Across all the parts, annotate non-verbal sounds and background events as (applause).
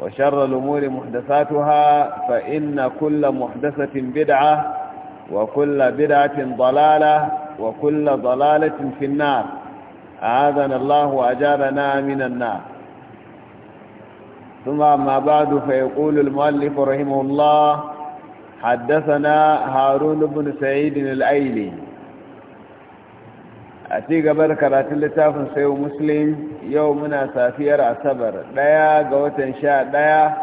وشر الأمور محدثاتها فإن كل محدثة بدعة وكل بدعة ضلالة وكل ضلالة في النار أعاذنا الله وأجابنا من النار ثم ما بعد فيقول المؤلف رحمه الله حدثنا هارون بن سعيد الأيلي a ci gaba da karatun littafin sayo muslim yau muna safiyar asabar ɗaya ga watan sha ɗaya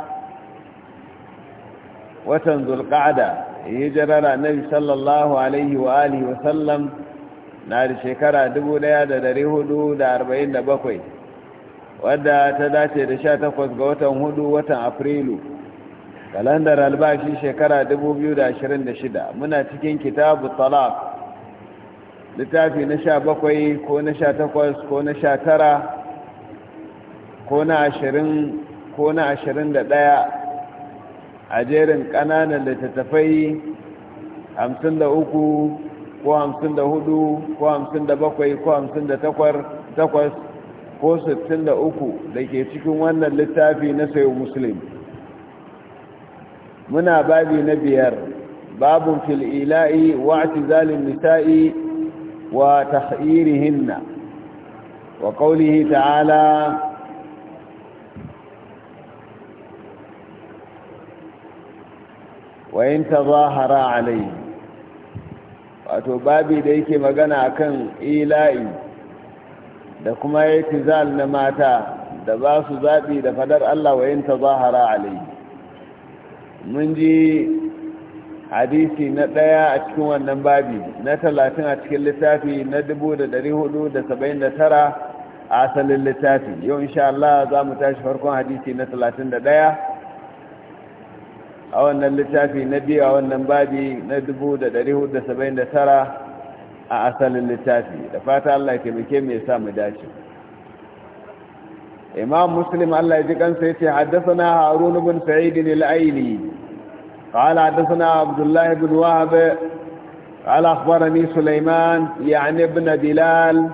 watan zulƙada jarara na sallallahu alaihi wa alihi wasallam na da shekara bakwai, wadda ta dace da sha takwas ga watan hudu watan afrilu kalandar albashi shekara shida, muna cikin kitabu talaq littafi na sha bakwai ko na sha takwas ko na sha tara ko na ashirin ko na ashirin da ɗaya a jerin ƙananan littattafai hamsin da uku ko hamsin da hudu ko hamsin da bakwai ko hamsin da takwas ko sittin da uku da ke cikin wannan littafi na sayo musulun. muna babi na biyar babin fil'ila'i wa'ati zalin nisa'i وتخييرهن وقوله تعالى وإن تظاهر عليه wato babi da yake magana akan ila'i da kuma ya na mata da ba su zaɓi da fadar Allah wa yin ta zahara alai mun ji hadisi na ɗaya a cikin wannan babi na talatin a cikin littafi na dubu da ɗari hudu da saba'in da tara a asalin littafi yau insha Allah za mu tashi farkon hadisi na talatin da ɗaya a wannan littafi na biyu a wannan babi na dubu da ɗari hudu da saba'in da tara a asalin littafi da fata Allah ke muke mai sa mu dace imam muslim Allah ya ji kansa ya ce haddasa na harun bin sa'idin al'aini قال حدثنا عبد الله بن وهب قال أخبرني سليمان يعني ابن دلال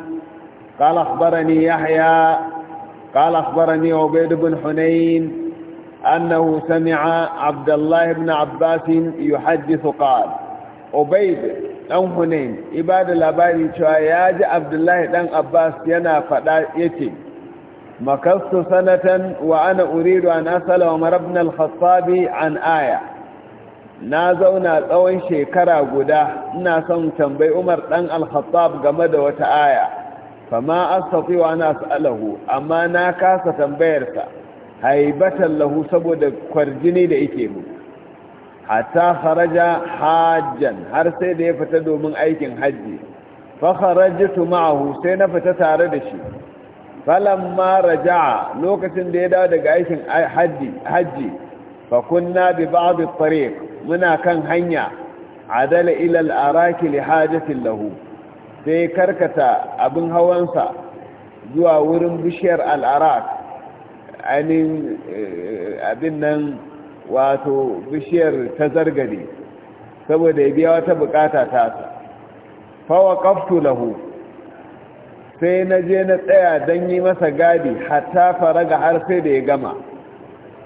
قال أخبرني يحيى قال أخبرني عبيد بن حنين أنه سمع عبد الله بن عباس يحدث قال عبيد أم حنين عباد الأباد شوياج عبد الله بن عباس ينا فدائتي مكثت سنة وأنا أريد أن أسأل عمر بن الخطاب عن آية na zauna tsawon shekara guda ina son tambayi umar ɗan al-khattab game da wata aya fama astatiwa na sa'alahu amma na kasa tambayarsa haibatan lahu saboda kwarjini da yake mu hatta kharaja hajjan har sai da ya fita domin aikin hajji fa kharajtu ma'ahu sai na fita tare da shi falamma raja'a lokacin da ya dawo daga aikin hajji haji fa kunna bi ba'd at-tariq muna kan hanya adala ilal araki li hajatin lahu sai karkata abin hawansa zuwa wurin bishiyar al'arak ainihin eh, abin nan wato bishiyar ta zargade saboda ya biya wata bukata sa fawa kaftu lahu sai na je na tsaya don yi masa gadi hatta faraga har sai da ya gama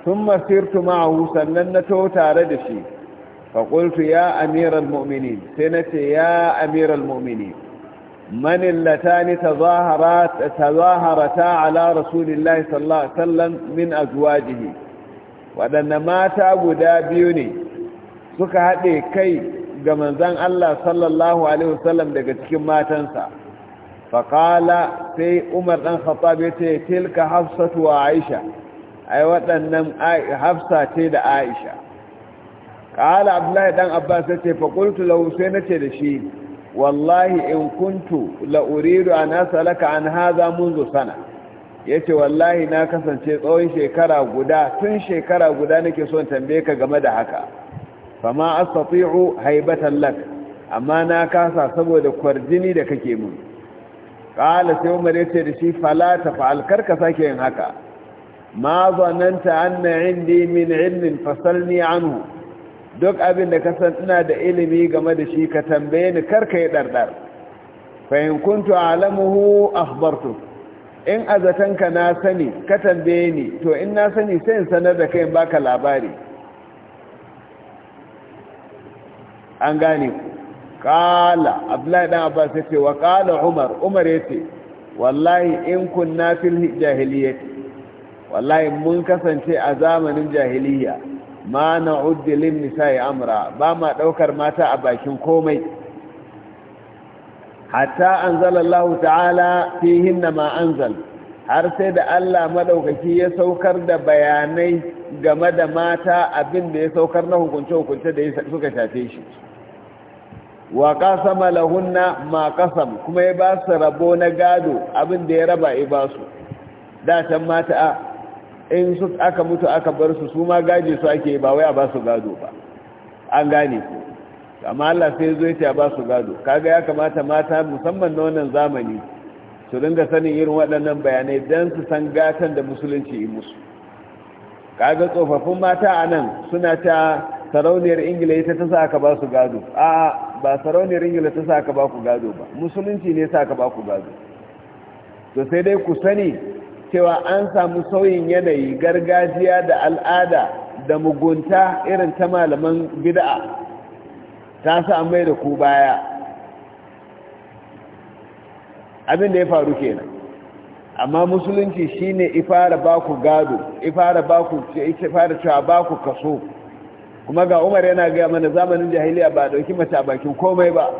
sun masirtu ma'ahu sannan na to tare da shi فقلت يا أمير المؤمنين سنة يا أمير المؤمنين من اللتان تظاهرات تظاهرتا على رسول الله صلى الله عليه وسلم من أزواجه ودن ماتا بدابيوني سكهدي كي جمنزان الله صلى الله عليه وسلم دقتكم ما تنسى فقال في عمر بن الخطاب تلك حفصة وعائشة أي أيوة وطن حفصة تيد عائشة ƙala abdullahi ɗan abbas ya ce faƙultu lahu na ce da shi wallahi in kuntu lauriru a nasa laka an haza munzu sana ya ce wallahi na kasance tsawon shekara guda tun shekara guda nake son tambaye ka game da haka fama astati'u haibatan lak amma na kasa saboda kwarjini da kake mun ƙala sai umar ya ce da shi fala ta fa'al sake yin haka ma zananta anna indi min ilmin fasalni anhu duk abin da ka san ina da ilimi game da shi ka tambaye ni karka yi ɗarɗar fahim kuntu alamuhu akhbartu in azatanka na sani ka tambaye ni to in na sani sai in sanar da kai baka labari an gane ku kala abdullahi dan abbas yace wa kala umar umar yace wallahi in kunna fil jahiliyyah wallahi mun kasance a zamanin jahiliyyah ma na uddilin nisa'i amra ba ma ɗaukar mata a bakin komai hatta an zalallahu ta'ala fihin na ma'anzal har sai da allah maɗaukaki ya saukar da bayanai game da mata abin da ya saukar na hukunce-hukunce da suka shafe shi wa kasama lahunna ma kasam kuma ya ba su rabo na gado abin da ya raba ya ba su datan mata a. in su aka mutu aka bar su su ma gaje su ake ba wai a ba su gado ba an gane ku amma Allah sai zo ya ba su gado kaga ya kamata mata musamman na wannan zamani su dinga sanin irin waɗannan bayanai don su san gatan da musulunci yi musu kaga tsofaffin mata a nan suna ta sarauniyar ingila ita ta sa aka ba su gado a ba sarauniyar ingila ta sa aka ba ku gado ba musulunci ne sa aka ba ku gado to sai dai ku sani cewa an samu sauyin yanayi gargajiya da al'ada da mugunta irin ta malaman bid'a ta sa mai da ku baya abin da ya faru kenan amma musulunci shine ifara baku gado ifara baku fara cewa baku kaso kuma ga Umar yana ga mana zamanin jahiliya ba dauki mace bakin komai ba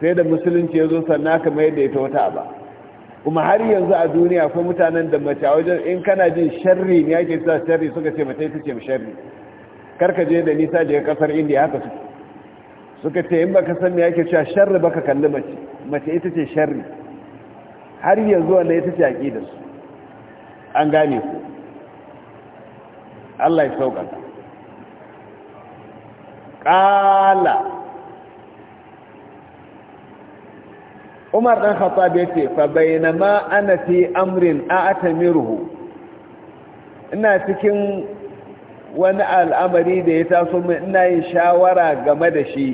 sai da musulunci ya zo sannan aka mai da ita wata ba kuma har yanzu a duniya ko mutanen da mace a wajen in kana jin sharri ne ake sa sharri suka ce mace ita ce sharri karka je da nisa daga kasar indiya haka su suka ce in baka san me ake cewa sharri baka kalli mace mace ita ce sharri har yanzu wannan ita ce aqida su an gane ku Allah ya sauka ƙala umar dan bai ce, fa ma ana fi amrin atamiru ina cikin wani al'amari da ya taso min ina yin shawara game da shi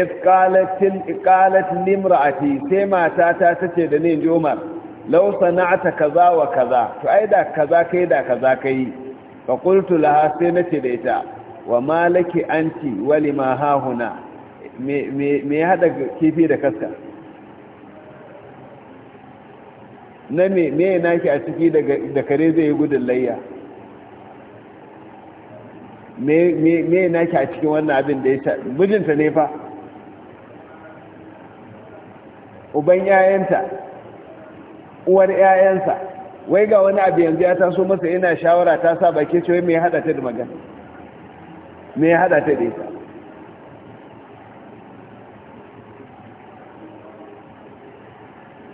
ifqalatin iqalat limraati sai matata tace da ni umar law ta kaza wa kaza to ai da kaza kai da kaza kai fa qultu laha sai nace da ita wa malaki anti ma hahuna me me hada kifi da kaska na me me naki a ciki da kare zai yi gudun layya me me naki a cikin wannan abin da ya ta? mijinta ne fa uban 'ya'yanta uwar 'ya'yansa wai ga wani abu yanzu ya taso masa yana shawara ta sa baki ce wai me hada ta da magana me hada ta da ita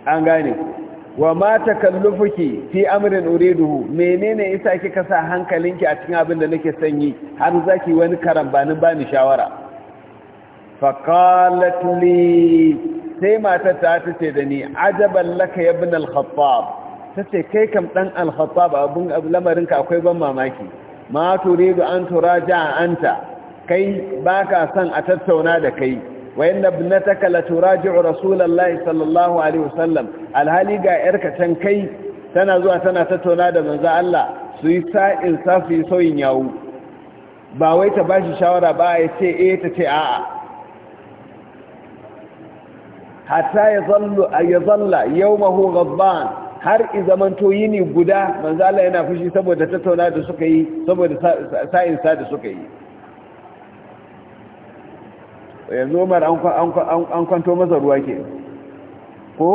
an gane ku wa ma takallufuki fi amrin uriduhu menene isa kika sa hankalinki a cikin abin da nake sanyi har zaki wani karambanin bani shawara fa qalat li sai matar ta tace da ni ajaban laka ya ibn al-khattab tace kai kam dan al-khattab abun lamarin ka akwai ban mamaki ma turidu an turaja anta kai baka son a tattauna da kai wa inna ibnataka la turaji'u rasulullahi sallallahu alaihi wasallam alhali ga yarka can kai tana zuwa tana tattauna da manzo Allah su yi sa'in sa su yi sauyin yawo ba wai ta bashi shawara ba ya ce eh ta ce a? hatta ya zallu ya zalla yawmahu ghadban har i zamanto yini guda manzo Allah yana fushi saboda tattauna da suka yi saboda sa'in sa da suka yi yanzu Umar an kwanto masa ruwa ke ko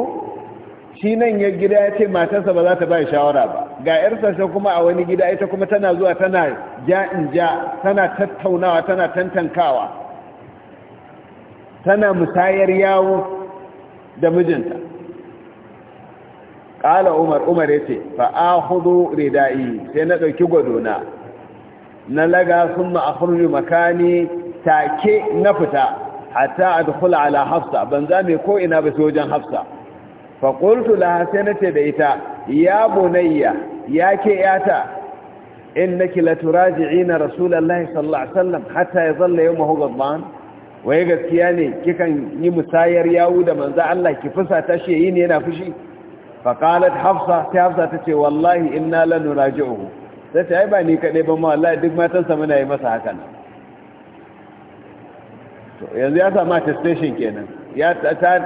shi nan ya gida ya ce matarsa ba za ta bai shawara ba ga yarsa ta kuma a wani gida ita kuma tana zuwa tana ja in ja tana tattaunawa tana tantankawa tana musayar yawo da mijinta ƙala umar umar ya ce hudu rida'i sai na ɗauki gwadona na laga sun ma'afurri makani take na fita hatta a dukula ala hafsa ban za mai ko'ina ba wajen hafsa faƙultu da sai da ita ya bunayya ya ke yata in na kila turaji'i na rasulallah sallallahu hatta ya zalla yau mahu waye gaskiya ne kikan yi musayar yawu da Allah ki fusa ta shi yi ne yana fushi faqalat hafsa ta hafsa ta ce wallahi inna lanuraji'uhu sai ta yi ba ni kaɗai ba ma wallahi duk matansa muna yi masa hakan yanzu ya samu attestation kenan ya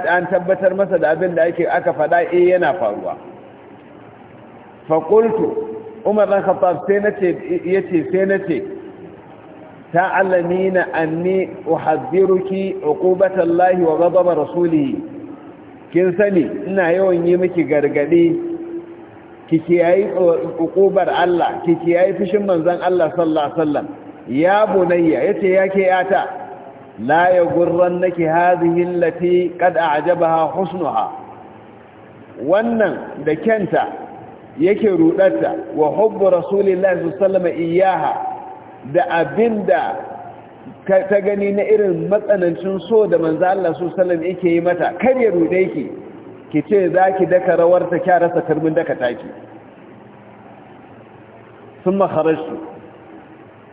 an tabbatar masa da abin da ake aka faɗa e yana faruwa Faƙultu umar dan khattab sai yace sai nace ta'alamina anni uhadhiruki uqubata allahi wa ghadab rasulihi kin sani ina yawan yi miki gargadi ki kiyayi uqubar Allah ki kiyayi fushin manzan Allah sallallahu alaihi wasallam ya bunayya yace yake yata la ya gurran nake hazihin lati kad a husnuha wannan da kyanta yake rudarta wa hubbu rasulillahi sallama iyaha da abinda ta gani na irin matsanancin so da manzo Allah sallam yake yi mata kar ya rude ki ki ce zaki daka rawarta kya rasa karbin daka taki sun makharajtu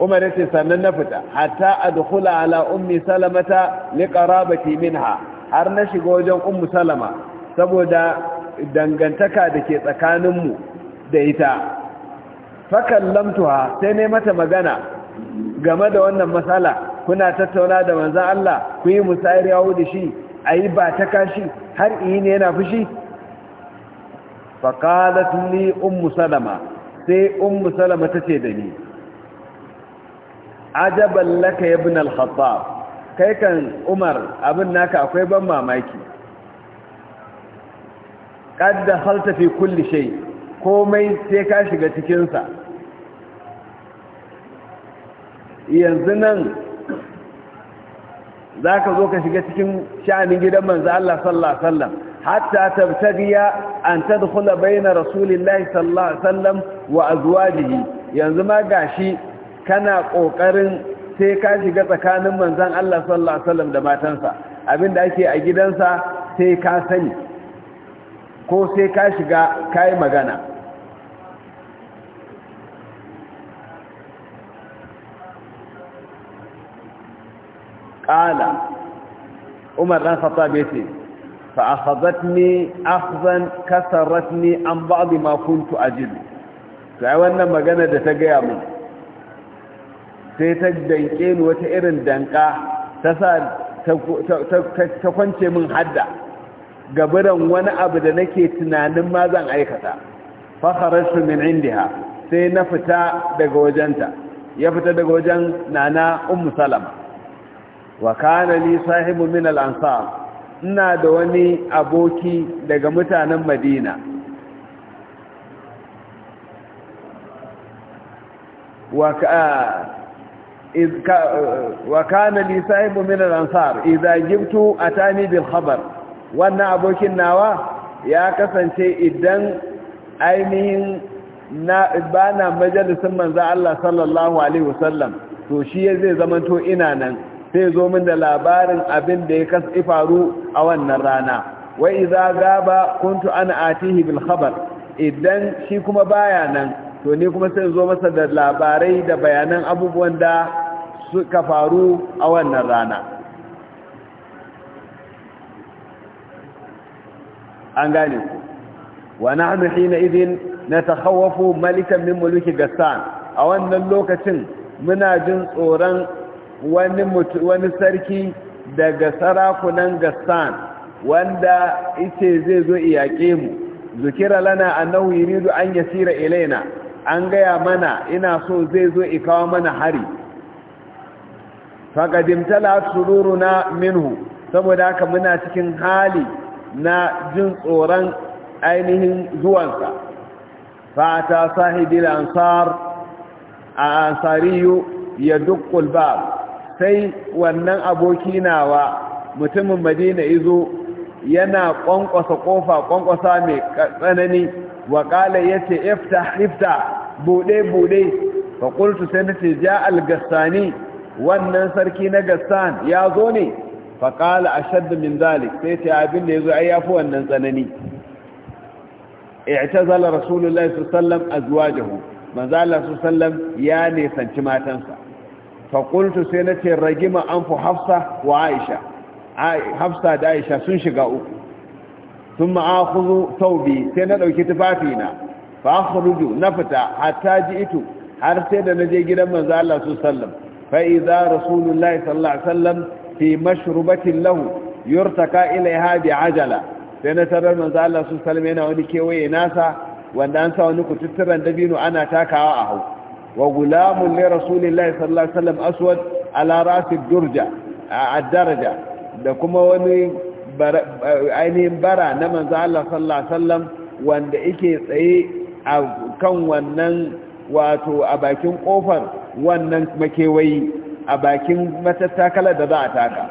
umar yace sannan na fita hatta adkhula ala ummi salamata liqarabati minha har na shiga wajen ummu salama saboda dangantaka da ke mu da ita fakallamtuha sai ne mata magana game da wannan matsala kuna tattauna da manzon Allah ku yi musayar yawo da shi ayi ba ta kashi har yi ne yana fushi faqalat li ummu salama sai ummu salama tace da ni ajaban laka ya bin al kai kan umar abin naka akwai ban mamaki kadda halta fi kulli shai, komai sai ka shiga cikinsa yanzu nan za ka zo ka shiga cikin sha'anin gidan manzu Allah sallallahu alaihi wasallam hatta tabtadiya an tadkhula rasulun rasulillahi sallallahu alaihi wasallam wa jihi. yanzu ma gashi kana ƙoƙarin sai ka shiga tsakanin manzan Allah sallallahu Alaihi wasallam da matansa abinda ake a gidansa sai ka sani ko sai ka shiga ka yi magana ƙala umar ɗan fata bai ce fa'afadatni afzan kasaratni an ba'adu ma kuntu ajilu sai wannan magana da ta gaya mun sai ta danke ni wata irin danka ta sa ta kwance min hadda gaburan wani abu da nake tunanin ma zan aikata fakharatu min indiha sai na fita daga wajenta ya fita daga wajen nana ummu salama wa kana li sahibu min al ina da wani aboki daga mutanen madina wa ka wa kana li sahibu min al-ansar idza jibtu atani bil wannan abokin nawa ya kasance idan ainihin bana majalisin manzo Allah sallallahu alaihi wasallam to shi zai zamanto ina nan sai zo min da labarin abin da ya kasu faru a wannan rana wai idza gaba kuntu ana atihi Bilhabar idan shi kuma baya nan to ni kuma sai zo masa da labarai da bayanan abubuwan da suka faru a wannan rana an gane ku wa nahnu hina ta hawafu malikan min muluki gassan a wannan lokacin muna jin tsoron wani sarki daga sarakunan gassan wanda ita zai zo iyaƙe mu zukira lana annahu yuridu an yasira ilaina an gaya mana ina so zai zo ikawa mana hari faƙadimtala na minhu saboda haka muna cikin hali na jin tsoron ainihin zuwansa fata sahibin ansar a ansariyu ya dukkul ba sai wannan aboki nawa mutumin madina izo yana ƙwanƙwasa ƙofa ƙwanƙwasa mai tsanani wa ya ce ifta ifta buɗe buɗe faƙultu sai na ce ja algassani wannan sarki na gassan ya zo ne faƙala a shaddu min zalik sai ce abin da ya zo a ya fi wannan tsanani rasulullah su sallam azwajahu manzo su sallam ya nisanci matansa fa sai na ce ragima fi hafsa wa aisha hafsa da aisha sun shiga uku thumma akhudhu taubi sai na ɗauki tufafina fa na fita hatta ito. har sai da na je gidan manzo su sallam فإذا رسول الله صلى الله عليه وسلم في مشربة له يرتقى إليها بعجلة sai tarar manzo Allah su wani kewaye nasa wanda an sa wani kututturan dabino ana takawa a hau wa gulamun li rasulillahi sallallahu alaihi wasallam aswad ala rasi a daraja da kuma wani ainihin bara na manzo Allah sallallahu alaihi wasallam wanda yake tsaye a kan wannan wato a bakin kofar wannan makewayi a bakin matattakalar da za a taka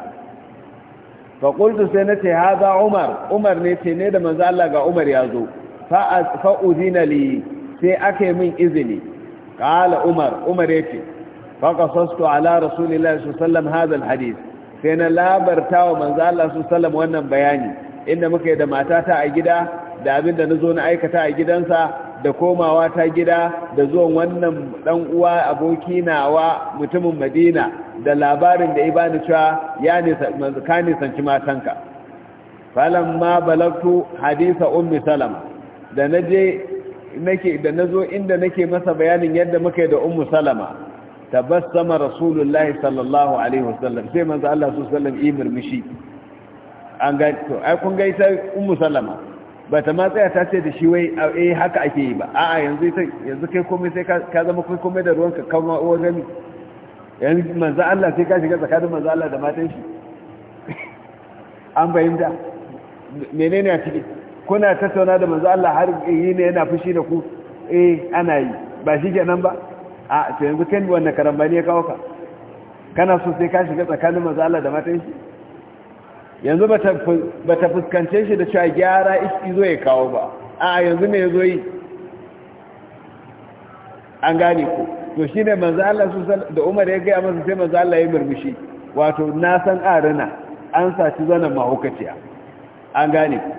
faƙultu sai na ce haza umar umar ne ce ne da manzo Allah ga umar ya zo fa'uzina li sai aka yi min izini ƙala umar umar ya ce faƙasastu ala rasulillah su sallam hazan hadis sai na labarta wa manzo Allah su sallam wannan bayani inda muka yi da matata a gida da abin da na zo na aikata a gidansa da komawa ta gida da zuwan wannan dan uwa aboki nawa mutumin madina da labarin da ibani cewa ya ka nisanci matanka falon ma balagtu hadisa ummi salama da naje nake da nazo inda nake masa bayanin yadda muka yi da ummu salama tabassama rasulullahi sallallahu alaihi wasallam sai manzo Allah sallallahu alaihi wasallam yi murmushi an ga to ai kun ga ita ummu salama ba ta ma tsaya ta ce da shi wai eh haka ake yi ba a'a yanzu yanzu kai komai sai ka zama kai komai da ruwanka kama uwar gani yanzu manzo Allah sai ka shiga tsakanin manzo Allah da matan shi (laughs) an bayyana menene a ciki kuna tattauna da manzo Allah har yi ne yana fushi da ku eh ana yi ba shi kenan ba a to yanzu kai wannan karambani ya kawo ka kana so sai ka shiga tsakanin manzo Allah da matan shi yanzu ba ta fuskance shi da cewa gyara iski zo ya kawo ba a yanzu mai zo yi an gane ku to shi ne manzala su da umar ya gaya masa sai manzala ya murmushi wato na san arina an saci zanen mahaukaciya an gane ku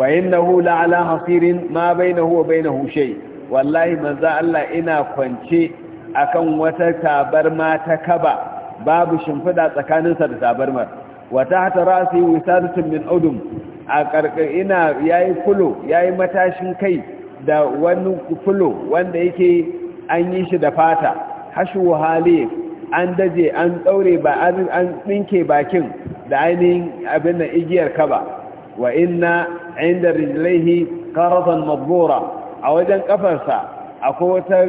wa innahu la'ala hasirin ma huwa wa na shay wallahi manzo Allah ina kwance akan wata tabarma ta kaba babu shimfiɗa tsakaninsa da tabarmar wata hata yi wisaratun min udum a ina yayi fulo yayi matashin kai da wani fulo wanda yake an yi shi da fata hashu hali an daje an daure ba an tsinke bakin da ainihin abin da igiyar kaba wa inna inda rijlaihi qaratan madbura a wajen kafarsa akwai wata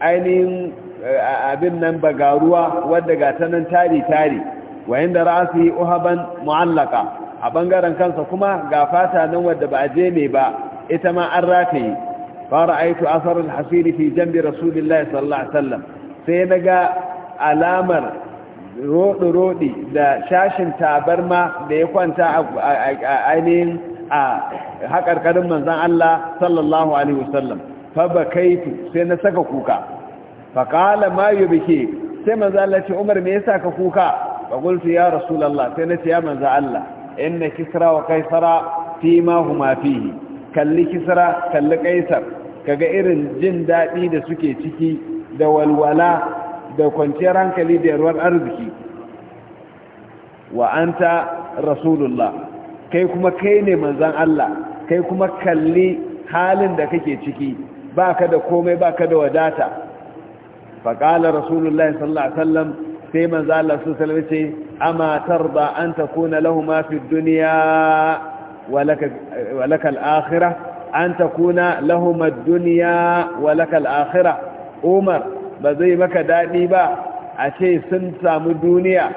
ainihin abin nan bagaruwa wadda ga ta nan tari-tari wayan da yi uhaban mu'allaka a bangaren kansa kuma ga fata nan wadda ba a je ne ba ita ma an rataye fara aitu asarar hasiri fi jambi sallallahu alaihi wasallam sai na ga alamar roɗi-roɗi da shashin tabarma da ya kwanta a ainihin a haƙarƙarin manzan Allah sallallahu alaihi wasallam fa bakaitu sai na saka kuka faƙala ma yi bike sai manzo Allah ce umar me yasa ka kuka faƙultu ya rasulallah sai na ce ya manza Allah na kisra wa kaisara fi ma huma fihi kalli kisra kalli kaisar kaga irin jin daɗi da suke ciki da walwala da kwanciyar hankali da yarwar arziki wa anta rasulullah kai kuma kai ne manzan Allah kai kuma kalli halin da kake ciki baka da komai baka da wadata faƙalar rasulullahi sallallahu alaihi wasallam sai manzo Allah su sallallahu alaihi amma tarda an takuna lahumma fi dunya wa Umar ba zai maka daɗi ba a sun samu duniya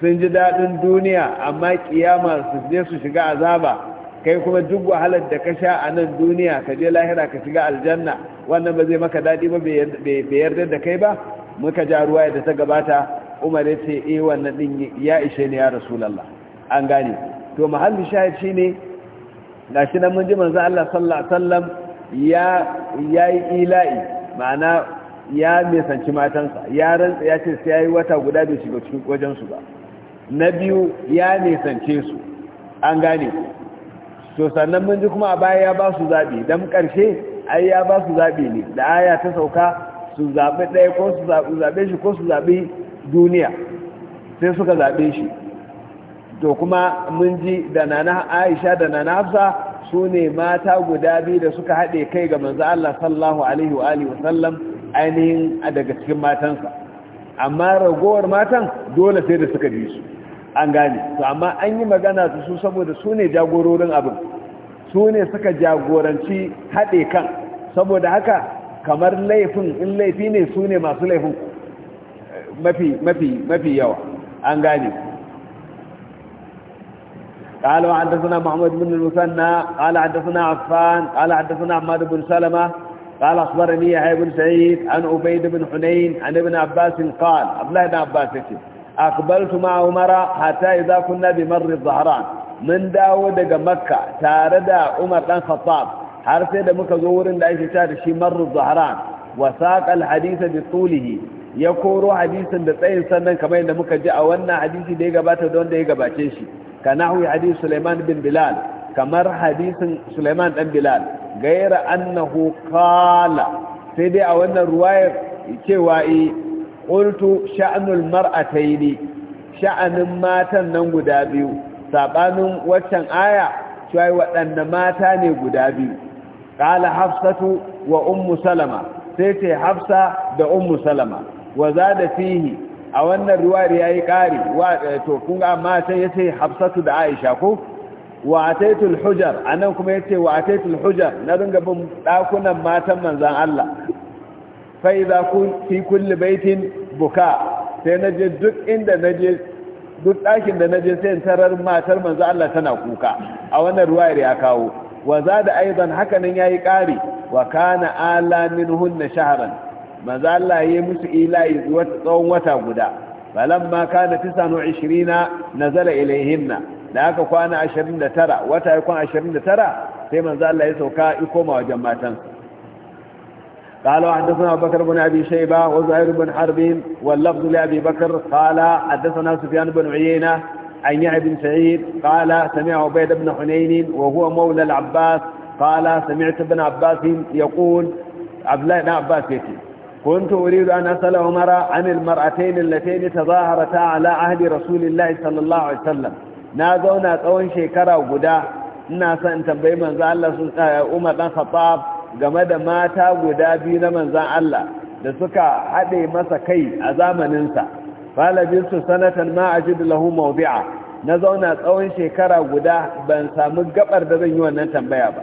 sun ji daɗin duniya amma ƙiyama su je su shiga azaba kai kuma duk wahalar da ka sha a nan duniya ka je lahira ka shiga aljanna wannan ba zai maka daɗi ba bai yarda da kai ba muka ja ruwa da ta gabata umar ya ce eh wannan din ya ishe ne ya rasulallah an gane to shi ne ga shi nan mun ji manzo Allah sallallahu alaihi wasallam ya yayi ila'i ma'ana ya misanci matansa ya rantsa ya ce sai yayi wata guda bai shiga cikin wajen su ba na biyu ya nisance su an gane to sannan mun ji kuma a baya ya ba su zaɓi don ƙarshe ai ya ba su zaɓi ne da aya ta sauka su zaɓi ɗaya ko su zaɓe shi ko su zaɓi duniya sai suka zaɓe shi to kuma mun ji da nana aisha da nana hafsa su ne mata guda biyu da suka haɗe kai ga manzo Allah sallallahu alaihi wa alihi wasallam ainihin daga cikin matansa amma ragowar matan dole sai da suka ji su an gane to amma an yi magana su su saboda su ne jagororin abin su ne suka jagoranci haɗe kan saboda haka kamar laifin in laifi ne su ne masu laifin mafi mafi mafi yawa an gane قال وحدثنا محمد بن المثنى قال حدثنا عفان قال حدثنا عماد بن سلمة قال أخبرني يحيى بن سعيد عن عبيد بن حنين عن ابن عباس قال عبد الله بن عباس أقبلت مع عمر حتى إذا كنا بمر الظهران من داو دقى مكة تاردا عمر بن خطاب حرث يد مكة زور لأي شتار شي مر الظهران وساق الحديث بطوله يكورو حديثا بطين سنة كما إن مكة جاء وانا حديث ديقى باتا دون ديقى باتشيشي كنحو حديث سليمان بن بلال كمر حديث سليمان بن بلال غير أنه قال سيدي أولا رواية كوائي sha'anul mar'atai ne sha'anin matan nan guda biyu sabanin waccan aya cewa waɗanda mata ne guda biyu qala hafsatu wa ummu salama sai ce hafsa da ummu salama wa da fihi a wannan ya yayi kari wa to kun ga amma sai yace hafsatu da aisha ko wa ataitul hujar nan kuma yace wa ataitul hujar na ringa bin ɗakunan matan manzon Allah fai za fi baitin buka sai na je duk inda na je duk ɗakin da na je sai tarar matar manzo Allah tana kuka a wannan ruwayar ya kawo wa za da aizan hakanan ya yi ƙari wa kana ala min hunna shaharan manzo Allah ya yi musu ila'i tsawon wata guda falamma kana 29 nazala ilaihinna da aka kwana tara. wata ya kwana tara, sai manzo Allah ya sauka ya koma wajen matan قالوا حدثنا أبو بكر بن أبي شيبة وزهير بن حرب واللفظ لأبي بكر قال حدثنا سفيان بن عيينة عن يعي بن سعيد قال سمع عبيد بن حنين وهو مولى العباس قال سمعت ابن عباس يقول عبد الله بن عباس يتي كنت أريد أن أسأل عمر عن المرأتين اللتين تظاهرتا على عهد رسول الله صلى الله عليه وسلم نازونا تقوين شيكرا وقدا الناس ان بما من ذا الله عمر بن خطاب game da mata guda biyu na manzan Allah da suka haɗe masa kai a zamaninsa falabin su sanatan ma a lahu Maubi'a. na zauna tsawon shekara guda ban samu gabar da zan yi wannan tambaya ba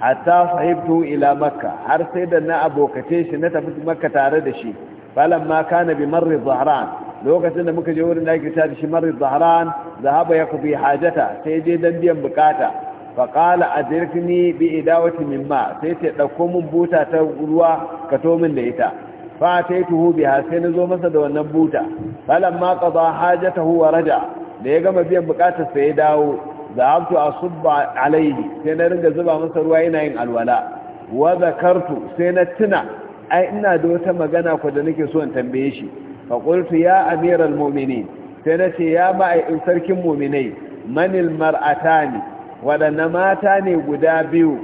hatta sahibtu ila makka har sai da na abokace shi na tafi makka tare da shi falan ma kana bi marri zahran lokacin da muka je wurin da ake ta da shi marri zahran zahaba ya kubi hajata sai je dan biyan bukata faƙala a jirgini bi idawati min ma sai ce ɗauko min buta ta ruwa ka to min da ita fa ta yi tuhu biya sai na zo masa da wannan buta falon ma Haja ta huwa raja da ya gama biyan buƙatar sai ya dawo zahabtu a subba alaihi sai na ringa zuba masa ruwa yana yin alwala wa zakartu sai na tuna ai ina da wata magana ko da nake so in tambaye shi fa qultu ya amiral mu'minin sai na ce ya ma'aikin sarkin mu'minai manil mar'atani waɗanda mata ne guda biyu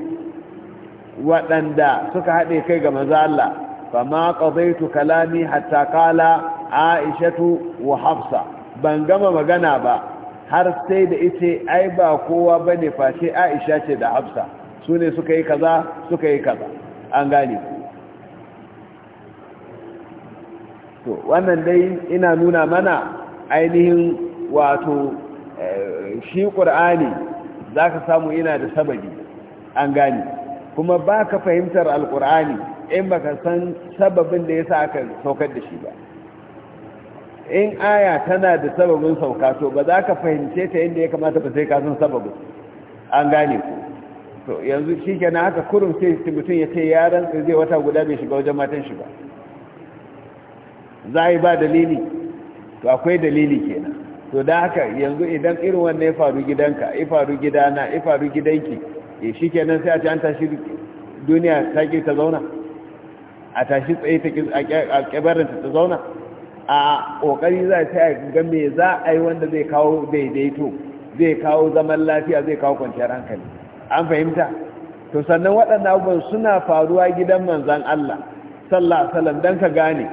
waɗanda suka haɗe kai ga maza Allah fama qadaitu kalami hatta kala, aishatu wa hafsa ban gama magana ba har sai da ita ai ba kowa ba ne face aisha ce da hafsa ne suka yi kaza suka yi kaza an gane to wannan dai ina nuna mana ainihin wato eh, shi ƙur'ani. za ka samu ina da sababi an gane kuma ba ka fahimtar alkur'ani in ba ka san sababin da ya sa aka saukar da shi ba in aya tana da sababin sauka to ba za ka fahimce ta inda ya kamata ba sai ka san sababin an gane ku to yanzu shi ke na haka kurum sai mutum ya ce ya rantsa zai wata guda bai shiga wajen matan shi ba za a yi ba dalili to akwai dalili kenan to da haka yanzu idan irin wannan ya faru gidanka ya faru gidana ya faru gidanki ya eh, shi kenan sai a ci an tashi duniya ta ke ta zauna a tashi tsaye ta kebaranta ta zauna a ƙoƙari za ta yi ga me za a yi wanda zai kawo daidaito zai kawo zaman lafiya zai kawo kwanciyar hankali an fahimta to sannan waɗannan abubuwan suna faruwa gidan manzan Allah sallallahu alaihi wasallam dan ka gane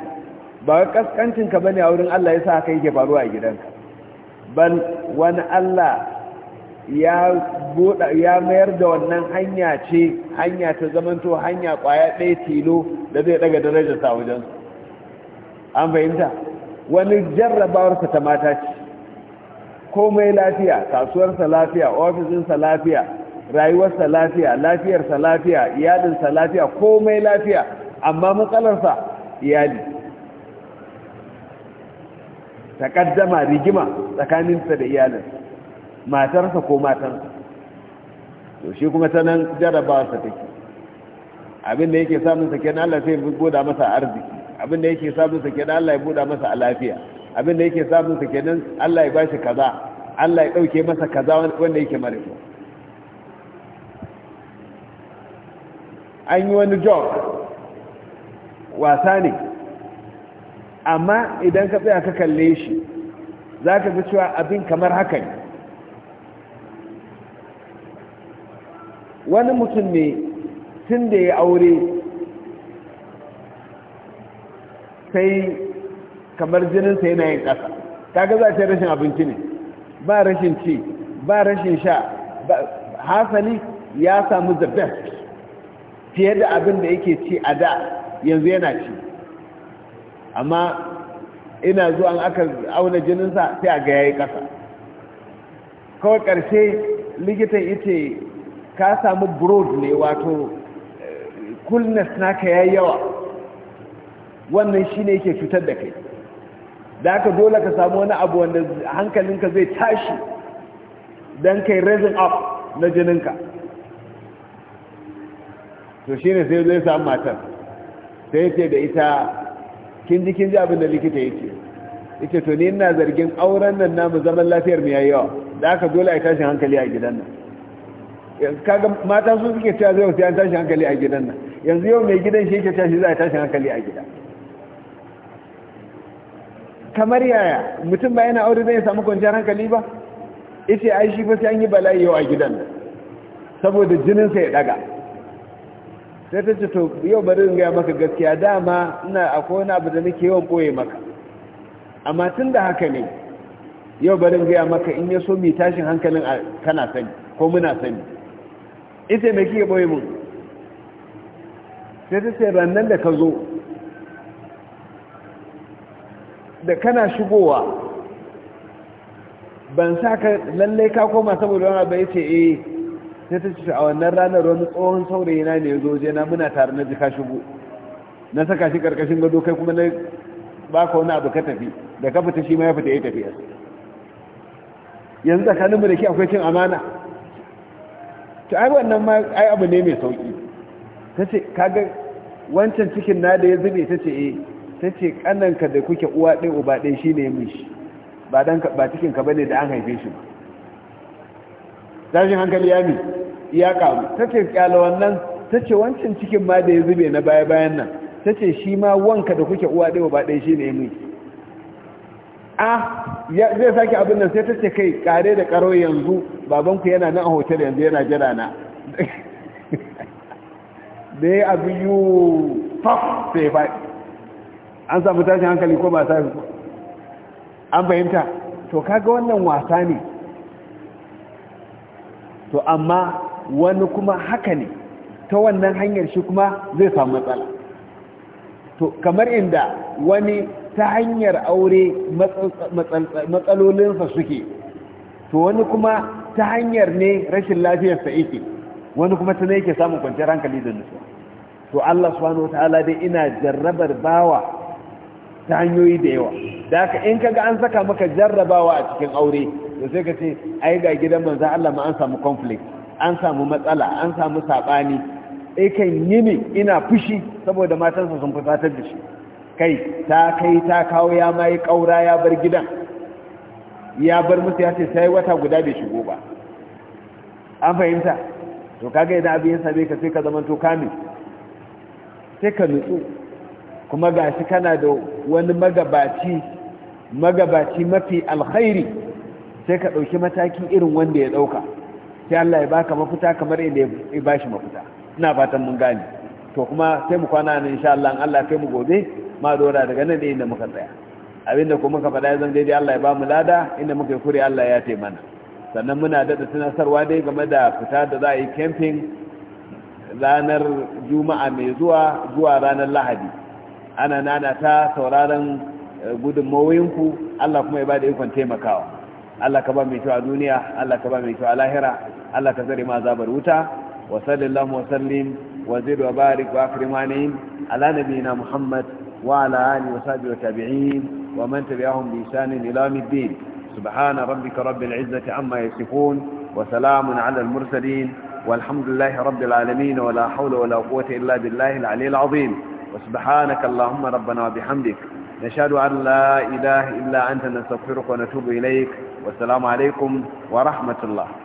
ba kaskancinka kaskancin ka bane a wurin Allah yasa haka yake faruwa a gidanka ban wani Allah ya mayar da wannan hanya ce hanya ta zamanto hanya kwaya ɗaya tilo da zai daga darajar sa wajen an fahimta wani jarrabawarsa ta mata ce komai lafiya kasuwarsa lafiya ofisinsa lafiya rayuwarsa lafiya lafiyarsa lafiya iyalinsa lafiya komai lafiya amma matsalarsa iyali takaddama rigima tsakaninsa da iyalinsa matarsa ko matansa to shi kuma ta nan sa take abin da yake samun sa kenan Allah sai ya goda masa arziki abin da yake samun sa kenan Allah ya goda masa a lafiya abin da yake samun sa kenan Allah ya bashi kaza Allah ya dauke masa kaza wanda yake mara kyau an yi wani job wasa ne amma idan ka tsaya ka kalle shi za ka ga cewa abin kamar haka ne wani mutum ne tun da ya aure sai kamar jininsa yana yin ƙasa kaga za ta rashin abinci ne ba rashin ci ba rashin sha hasali ya samu the fiye da abin da yake ci a da yanzu yana ci amma ina zuwa an aka auna jininsa sai a ga yayi kasa kawai karshe likitan ita ka samu broad ne wato coolness naka yayi yawa wannan shine yake cutar da kai da aka dole ka samu wani abu wanda hankalinka zai tashi don kai raising up na jininka to shi ne sai zai samu matar sai ce da ita kin ji kin ji abin da likita yake yake to ni ina zargin auren nan namu zaman lafiyar mu yayi yawa da aka dole a tashin hankali a gidan nan kaga mata su suke cewa zai wuce an tashin hankali a gidan nan yanzu yau mai gidan shi yake cewa shi za a tashin hankali a gida kamar yaya mutum ba yana aure zai samu kwanciyar hankali ba ita ai shi fa sai an yi bala'i yau a gidan nan saboda jinin sa ya daga sai ta ce to yau bari in gaya maka gaskiya dama ina akwai wani abu da nake yawan boye maka amma tun da haka ne yau bari in gaya maka in ya so mai tashin hankalin kana sani ko muna sani ita mai kike boye mu sai ta ce rannan da ka zo da kana shigowa ban sa ka lallai ka koma saboda wani abu ya ce eh sai ta ce a wannan ranar wani tsohon saurayi na ne ya zo na muna tare na ji ka shigo na saka shi karkashin gado kai kuma na ba ka wani abu ka tafi da ka fita shi ma ya fita ya tafi yanzu tsakanin mu da ke akwai cin amana to ai wannan ma ai abu ne mai sauki ta ce kaga wancan cikin na da ya zube ta ce eh ta ce kananka da kuke uwa ɗaya uba ɗaya shi ne mishi ba cikinka ba ne da an haife shi ba tashin hankali ya mi ya kamu ta ce kyala wannan ta ce wancan cikin ma da ya zube na baya bayan nan ta ce shi ma wanka da kuke uwa ɗaya ba ɗaya shi ne mu a zai sake abin nan sai ta ce kai kare da karo yanzu babanku yana nan a hotel yanzu yana jira na (laughs) da ya abu yi faf sai faɗi an samu tashin hankali ko ba sa an fahimta to kaga wannan wasa ne to amma wani kuma haka ne ta wannan hanyar shi kuma zai samu matsala to kamar inda wani ta hanyar aure matsalolinsa suke to wani kuma ta hanyar ne rashin lafiyarsa yake wani kuma ta ne yake samun kwanciyar hankali da nufi to Allah subhanahu wataala dai ina jarrabar bawa ta hanyoyi da yawa da haka in ga an saka maka jarrabawa a cikin aure da sai ka ce ai ga gidan manzan Allah ma an samu conflict an samu matsala an samu saɓani eh, kan yi ne ina fushi saboda matansa sun fusatar da shi kai ta kai ta kawo ya mai kaura ya bar gidan ya bar musu ya ce sai wata guda bai shigo ba an fahimta to kaga idan abin sa ka sai ka zama to kame sai ka nutsu kuma gashi kana da wani magabaci magabaci mafi alkhairi sai ka ɗauki mataki irin wanda ya ɗauka sai Allah ya baka mafita kamar inda ya bashi mafita ina fatan mun gane to kuma sai mu kwana nan insha Allah Allah kai mu gobe ma dora daga nan ne inda muka tsaya abinda kuma muka faɗa yanzu zan daidai Allah ya ba mu lada inda muka yi kure Allah ya taimaka mana sannan muna daɗa tunasarwa dai game da fita da za a yi camping ranar juma'a mai zuwa zuwa ranar lahadi ana nana ta sauraron eh, gudunmawoyinku Allah kuma ya ba da ikon taimakawa Allah ka ba mai kyau a duniya Allah ka ba mai kyau a lahira Allah ka tsare ma azabar wuta wa sallallahu wa sallim wa zid wa barik wa akrimani ala nabiyina Muhammad wa ala alihi wa sahbihi wa tabi'in wa man tabi'ahum bi ihsan ila yawmiddin subhana rabbika rabbil izzati amma yasifun wa salamun ala al mursalin والحمد لله رب العالمين ولا حول ولا قوة إلا بالله العلي العظيم وسبحانك اللهم ربنا وبحمدك نشهد أن لا إله إلا أنت نستغفرك ونتوب إليك wasalamu alaikum wa rahmatullah